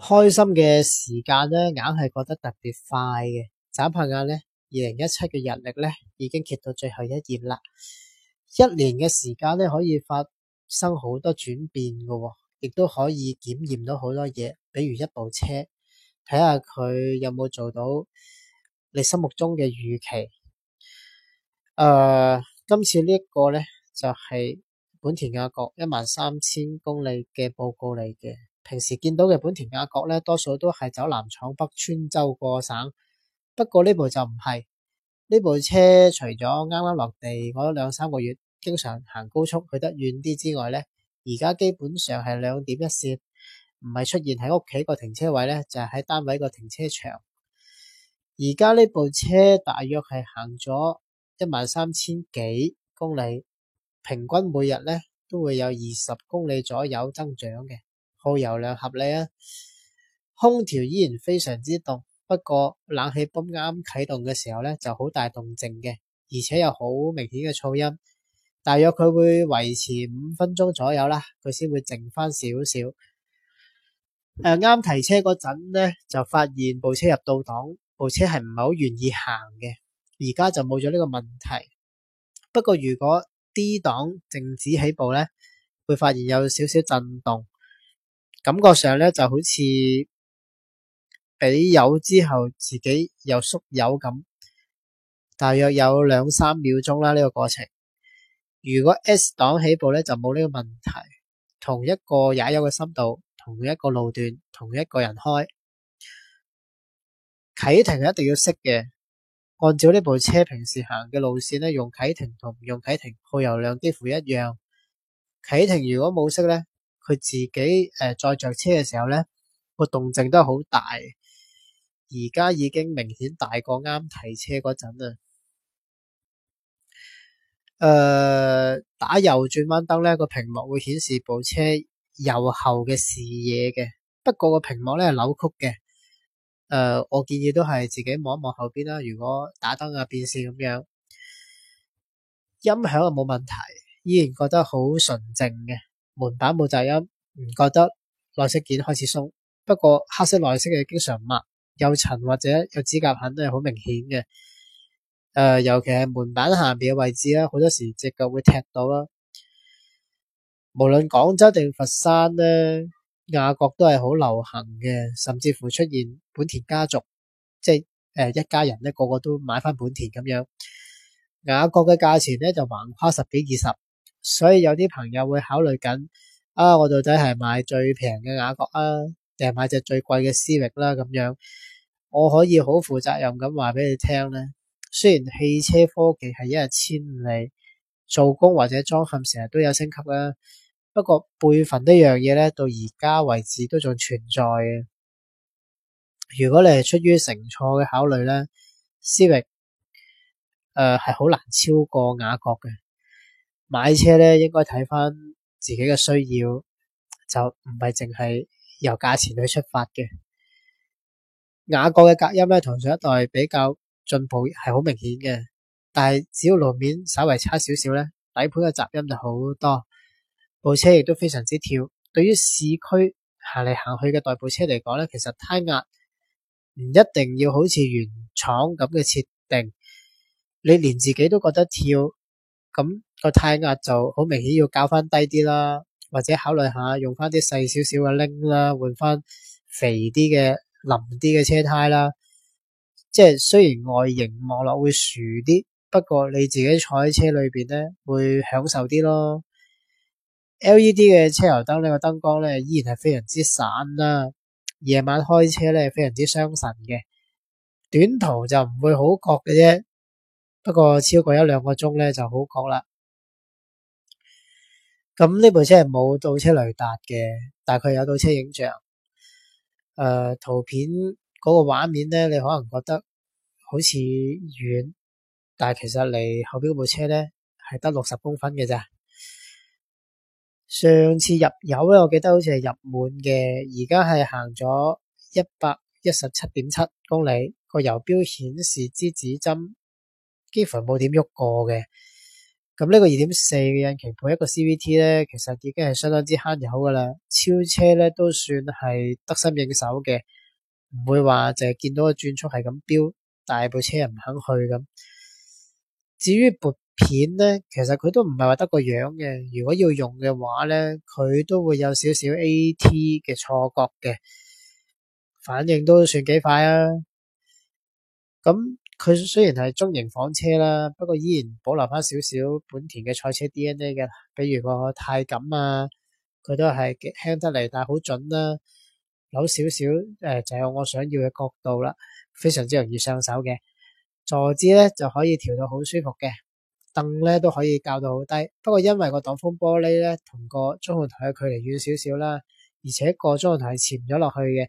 開心嘅時間呢，硬係覺得特別快嘅。眨下眼呢，二零一七嘅日曆呢已經揭到最後一頁啦。一年嘅時間呢，可以發生好多轉變嘅，哦，亦都可以檢驗到好多嘢。比如一部車，睇下佢有冇做到你心目中嘅預期。誒，呃，今次呢一個呢就係、是、本田雅閣一萬三千公里嘅報告嚟嘅。平時見到嘅本田雅閣呢，多數都係走南闖北，穿州過省。不過呢部就唔係，呢部車，除咗啱啱落地嗰兩三個月，經常行高速去得遠啲之外呢，而家基本上係兩點一線，唔係出現喺屋企個停車位呢，就係、是、喺單位個停車場。而家呢部車大約係行咗一萬三千幾公里，平均每日呢都會有二十公里左右增長嘅。耗油量合理啊！空調依然非常之凍，不過冷氣泵啱啟動嘅時候呢，就好大動靜嘅，而且有好明顯嘅噪音。大約佢會維持五分鐘左右啦，佢先會靜翻少少。呃，啱提車嗰陣呢，就發現部車入到檔，部車係唔係好願意行嘅。而家就冇咗呢個問題。不過如果 D 檔靜止起步呢，會發現有少少震動。感覺上咧就好似俾油之後自己又縮油咁，大約有兩三秒鐘啦，呢個過程。如果 S 檔起步咧就冇呢個問題。同一個踩油嘅深度，同一個路段，同一個人開。啟停一定要熄嘅。按照呢部車平時行嘅路綫咧，用啟停同唔用啟停耗油量幾乎一樣。啟停如果冇熄咧。佢自己誒、呃、再着車嘅時候咧，個動靜都好大，而家已經明顯大過啱提車嗰陣啊。誒、呃，打右轉彎燈咧，個屏幕會顯示部車右後嘅視野嘅，不過個屏幕咧係扭曲嘅。誒、呃，我建議都係自己望一望後邊啦。如果打燈啊變線咁樣，音響啊冇問題，依然覺得好純正嘅。門板冇雜音，唔覺得內飾件開始鬆。不過黑色內飾嘅經常抹又塵或者有指甲痕都係好明顯嘅。誒、呃，尤其係門板下邊嘅位置啦，好多時隻腳會踢到啦。無論廣州定佛山咧，雅閣都係好流行嘅，甚至乎出現本田家族，即係誒、呃、一家人咧，個個都買翻本田咁樣。雅閣嘅價錢咧就橫跨十幾二十，所以有啲朋友會考慮緊啊，我到底係買最平嘅雅閣啊，定係買隻最貴嘅思域啦？咁樣我可以好負責任咁話俾你聽咧。雖然汽車科技係一日千里，做工或者裝嵌成日都有升級啦、啊，不過輩分呢樣嘢咧，到而家為止都仲存在嘅。如果你係出於乘坐嘅考慮咧，思域誒係好難超過雅閣嘅。買車咧，應該睇返自己嘅需要，就唔係淨係由價錢去出發嘅。雅閣嘅隔音咧，同上一代比較進步係好明顯嘅，但係只要路面稍微差少少咧，底盤嘅雜音就好多，部車亦都非常之跳。對於市區行嚟行去嘅代步車嚟講咧，其實胎壓唔一定要好似原廠咁嘅設定，你連自己都覺得跳。咁個胎壓就好明顯要搞翻低啲啦，或者考慮下用翻啲細少少嘅拎啦，換翻肥啲嘅，腍啲嘅車胎啦。即係雖然外形望落會薯啲，不過你自己坐喺車裏邊咧會享受啲咯。LED 嘅車油燈呢、呢個燈光咧依然係非常之散啦，啊，夜晚開車咧非常之傷神嘅。短途就唔會好覺嘅啫。不過超過一兩個鐘咧就好覺啦。咁呢部車係冇倒車雷達嘅，但係佢有倒車影像。誒、呃，圖片嗰個畫面呢，你可能覺得好似遠，但係其實離後邊部車呢係得六十公分嘅咋。上次入油咧，我記得好似係入滿嘅，而家係行咗一百一十七點七公里，個油標顯示支指針。幾乎冇點喐過嘅。咁呢個二點四嘅引擎配一個 CVT 咧，其實已經係相當之慳油噶啦。超車咧都算係得心應手嘅，唔會話淨係見到個轉速係咁飆，大部車又唔肯去咁。至於撥片咧，其實佢都唔係話得個樣嘅，如果要用嘅話咧，佢都會有少少 AT 嘅錯覺嘅，反應都算幾快啊。咁。佢雖然係中型房車啦，不過依然保留返少少本田嘅賽車 DNA 嘅，比如個軚感啊，佢都係輕得嚟，但係好準啦，扭少少誒就有我想要嘅角度啦，非常之容易上手嘅。坐姿咧就可以調到好舒服嘅，凳咧都可以校到好低。不過因為個擋風玻璃咧同個中控台嘅距離遠少少啦，而且個中控台係潛咗落去嘅。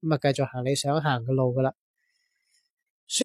咁啊，繼續行你想行嘅路㗎啦～